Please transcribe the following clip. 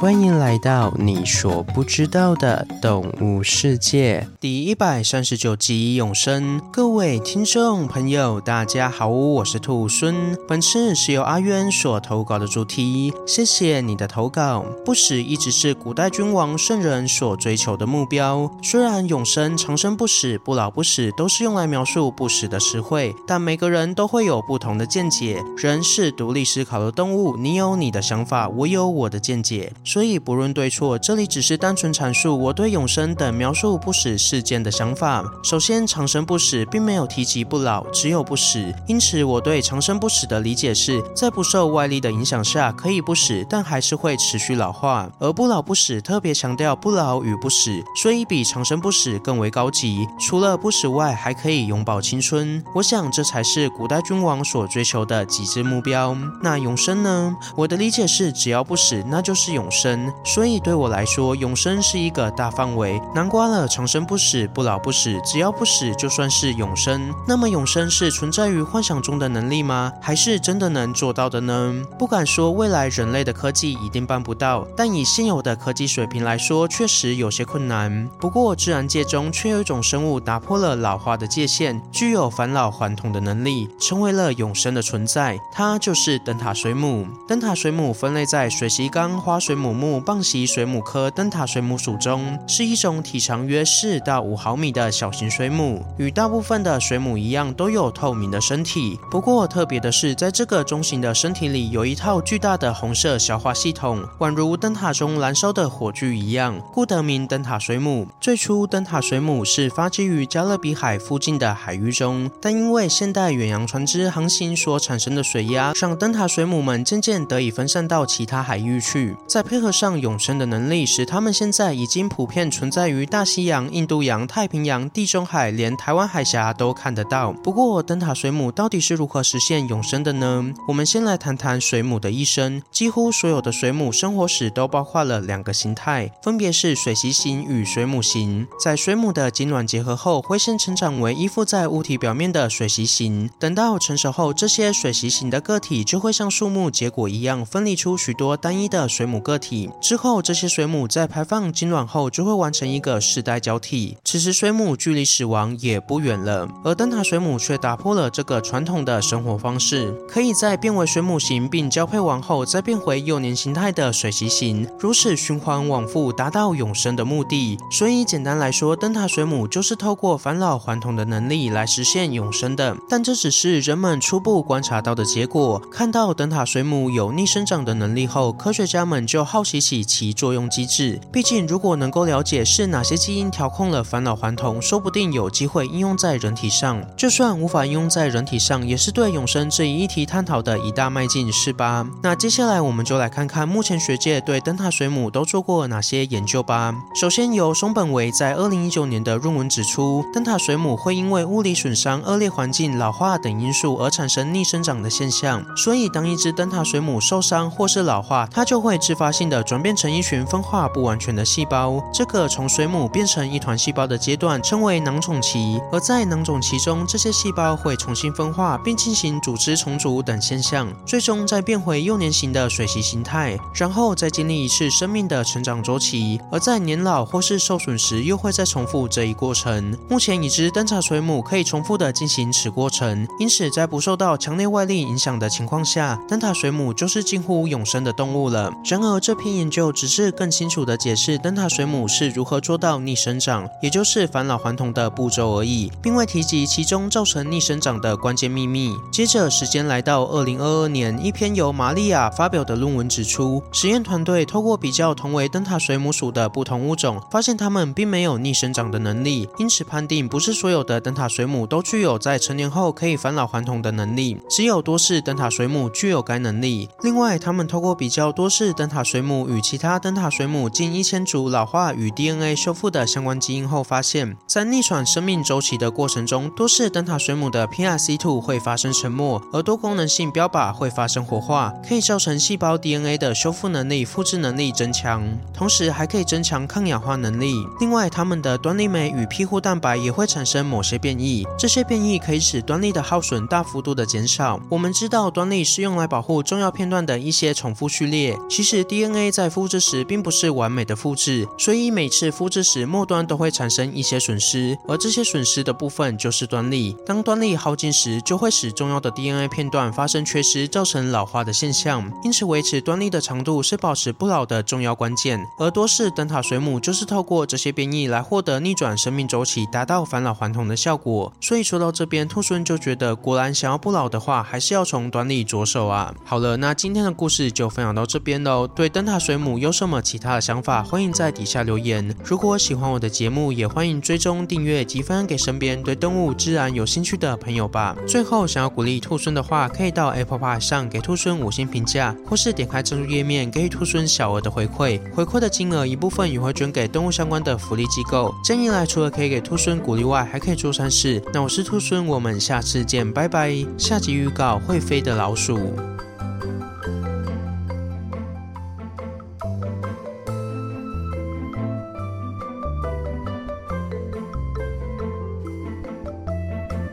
歡迎來到你所不知道的動物世界第一百三十九集永生。各位聽眾朋友，大家好，我是兔猻。本次是由阿淵所投稿的主題，謝謝你的投稿。不死一直是古代君王、聖人所追求的目標。雖然永生、長生不死、不老不死都是用來描述不死的詞彙，但每個人都會有不同的見解。人是獨立思考的動物，你有你的想法，我有我的見解。所以不論對錯，這裡只是單純闡述我對永生等描述不死事件的想法。首先，長生不死並沒有提及不老，只有不死，因此我對長生不死的理解是在不受外力的影響下可以不死，但還是會持續老化。而不老不死特別強調不老與不死，所以比長生不死更為高級。除了不死外，還可以永葆青春。我想這才是古代君王所追求的極致目標。那永生呢？我的理解是，只要不死，那就是永生。生，所以對我來說，永生是一個大範圍。難關了，長生不死，不老不死，只要不死，就算是永生。那麼，永生是存在於幻想中的能力嗎？還是真的能做到的呢？不敢說未來人類的科技一定辦不到，但以現有的科技水平來說，確實有些困難。不過，自然界中卻有一種生物打破了老化的界限，具有返老還童的能力，成為了永生的存在。它就是燈塔水母。燈塔水母分類在水螅綱、花水母木母棒螅水母科、燈塔水母屬中，是一種體長約四到五毫米的小型水母。與大部分的水母一樣，都有透明的身體。不過特別的是，在這個中型的身體裡，有一套巨大的紅色消化系統，宛如燈塔中燃燒的火炬一樣，故得名燈塔水母。最初，燈塔水母是發跡於加勒比海附近的海域中，但因為現代遠洋船隻航行所產生的水壓，讓燈塔水母們漸漸得以分散到其他海域去，在配。結合上永生的能力，使它們現在已經普遍存在於大西洋、印度洋、太平洋、地中海，連台灣海峽都看得到。不過，燈塔水母到底是如何實現永生的呢？我們先來談談水母的一生。幾乎所有的水母生活史都包括了兩個形態，分別是水螅型與水母型。在水母的精卵結合後，會先成長為依附在物體表面的水螅型。等到成熟後，這些水螅型的個體就會像樹木結果一樣，分離出許多單一的水母個體。之後，這些水母在排放精卵後，就會完成一個世代交替。此時，水母距離死亡也不遠了。而燈塔水母卻打破了這個傳統的生活方式，可以在變為水母型並交配完後，再變回幼年形態的水螅型，如此循環往復，達到永生的目的。所以，簡單來說，燈塔水母就是透過返老還童的能力來實現永生的。但這只是人們初步觀察到的結果。看到燈塔水母有逆生長的能力後，科學家們就好奇起其，其作用機制，畢竟如果能夠了解是哪些基因調控了返老還童，說不定有機會應用在人體上。就算無法應用在人體上，也是對永生這一議題探討的一大邁進，是吧？那接下來我們就來看看目前學界對燈塔水母都做過哪些研究吧。首先，由松本維在二零一九年的論文指出，燈塔水母會因為物理損傷、惡劣環境、老化等因素而產生逆生長的現象。所以，當一只燈塔水母受傷或是老化，它就會自發性的轉變成一群分化不完全的細胞，這個從水母變成一團細胞的階段稱為囊腫期，而在囊腫期中，這些細胞會重新分化並進行組織重組等現象，最終再變回幼年型的水螅形態，然後再經歷一次生命的成長週期，而在年老或是受損時，又會再重複這一過程。目前已知燈塔水母可以重複的進行此過程，因此在不受到強烈外力影響的情況下，燈塔水母就是近乎永生的動物了。然而，這這篇研究只是更清楚地解釋燈塔水母是如何做到逆生長，也就是返老還童的步驟而已，並未提及其中造成逆生長的關鍵秘密。接着時間來到二零二二年，一篇由瑪麗亞發表的論文指出，實驗團隊透過比較同為燈塔水母屬的不同物種，發現它們並沒有逆生長的能力，因此判定不是所有的燈塔水母都具有在成年後可以返老還童的能力，只有多氏燈塔水母具有該能力。另外，他們透過比較多氏燈塔水母水母與其他燈塔水母近一千組老化與 DNA 修復的相關基因後，發現，在逆轉生命週期的過程中，多是燈塔水母的 PRC2 會發生沉默，而多功能性標靶會發生活化，可以造成細胞 DNA 的修復能力、複製能力增強，同時還可以增強抗氧化能力。另外，它們的端粒酶與庇護蛋白也會產生某些變異，這些變異可以使端粒的耗損大幅度的減少。我們知道，端粒是用來保護重要片段的一些重複序列，其實 DNA。DNA 在複製時並不是完美的複製，所以每次複製時末端都會產生一些損失，而這些損失的部分就是端粒。當端粒耗盡時，就會使重要的 DNA 片段發生缺失，造成老化的現象。因此，維持端粒的長度是保持不老的重要關鍵。而多氏燈塔水母就是透過這些變異來獲得逆轉生命週期，達到返老還童的效果。所以說到這邊，兔孫就覺得果然想要不老的話，還是要從端粒着手啊。好了，那今天的故事就分享到這邊嘍。對燈塔水母有什麼其他的想法？歡迎在底下留言。如果喜歡我的節目，也歡迎追蹤訂閱及分享給身邊對動物自然有興趣的朋友吧。最後，想要鼓勵兔猻的話，可以到 Apple Pie 上給兔猻五星評價，或是點開贊助頁面給予兔猻小額的回饋。回饋的金額一部分也會捐給動物相關的福利機構。這樣一來，除了可以給兔猻鼓勵外，還可以做善事。那我是兔猻，我們下次見，拜拜。下集預告：會飛的老鼠。